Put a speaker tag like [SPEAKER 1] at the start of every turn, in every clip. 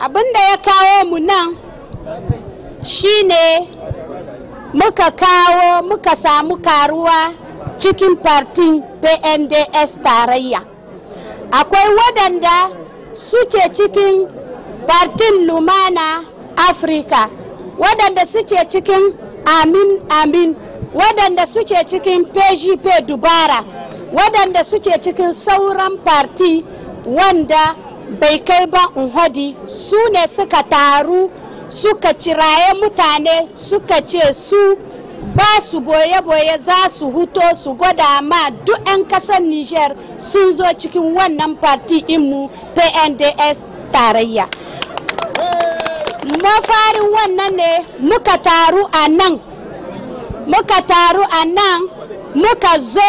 [SPEAKER 1] abin da ya kawo mu nan shine muka kawo muka samu karuwa cikin partin pnds tarayya akwai waɗanda suke cikin partin lumana afirka waɗanda suke cikin amin amin waɗanda suke cikin pgp dubara waɗanda suke cikin sauran parti wanda bai kai ba unhodi su ne suka taru suka ciraye mutane suka ce su ba su boye-boye za su huto su gwada ma duk 'yan kasar niger sun zo cikin wannan parti inmu pnds tarayya farin wannan ne muka taru a nan muka taru a nan muka zo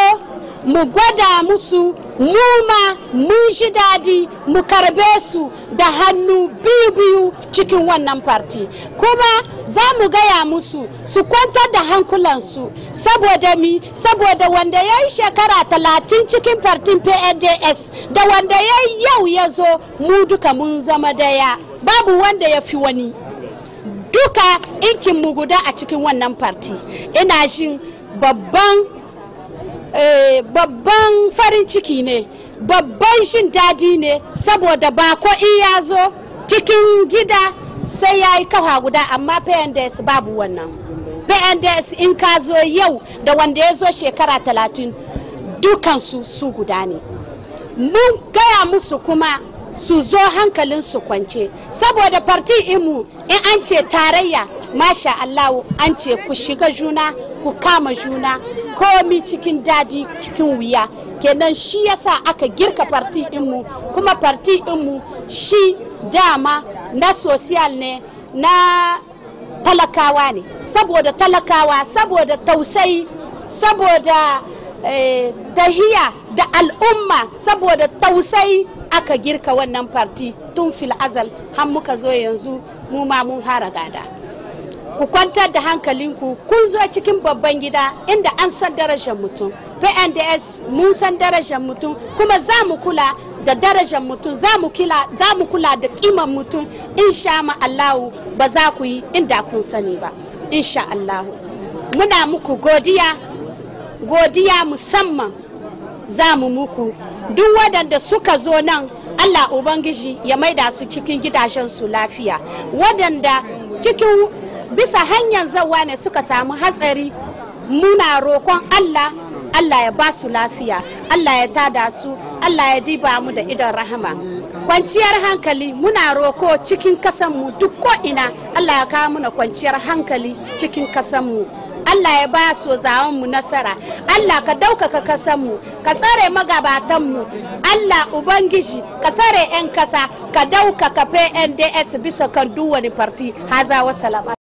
[SPEAKER 1] mu gwada musu mu ma mun shi daɗi mu karbe su da hannu biyu-biyu cikin wannan farti kuma za mu gaya musu su kwantar da hankulansu saboda mi saboda wanda ya yi shekara talatin cikin fartin pnds da wanda ya yi yau ya zo mu duka mun zama daya babu wanda ya fi wani duka inkin mu guda a cikin wannan farti ina shin babban Eh, babban farin ciki ne babban shin dadi ne saboda ba ko in ya zo cikin gida sai ya yi kafa guda amma pnds babu wannan pnds in ka zo yau da wanda ya zo shekara talatin dukansu su guda ne mun gaya musu kuma su zo hankalin su kwance saboda farti imu in an ce tarayya masha allahu an ce ku shiga juna ku kama juna komi cikin daji cikin wuya kenan shi yasa aka girka farti inmu kuma farti inmu shi dama na social ne na talakawa ne saboda talakawa saboda tausayi saboda eh, tahiya da al'umma saboda tausayi aka girka wannan farti tun fil azal har muka zo yanzu mu ma mun hara gada. ku kwantar da hankalinku kun zo cikin babban gida inda an san darajar mutum pnds mun san darajar mutum kuma za mu kula da darajar mutum za mu kula da kiman mutum insha allahu ba za ku yi inda kun sani ba insha allahu muna muku godiya godiya musamman za mu muku duk waɗanda suka zo nan allah ubangiji ya maida su cikin gidajensu lafiya waɗanda cikin bisa hanyar zawa ne suka samu hatsari muna roƙon allah allah ya ba su lafiya allah ya tada su allah ya diba mu da idan rahama kwanciyar hankali muna roko cikin kasanmu duk ko'ina allah ya kawo muna kwanciyar hankali cikin kasanmu Allah ya ba so mu nasara Allah ka ɗaukaka kasanmu ka tsare magabatanmu Allah Ubangiji ka tsare 'yan kasa ka ɗaukaka PNDS bisa kan duwani farti haza wasalama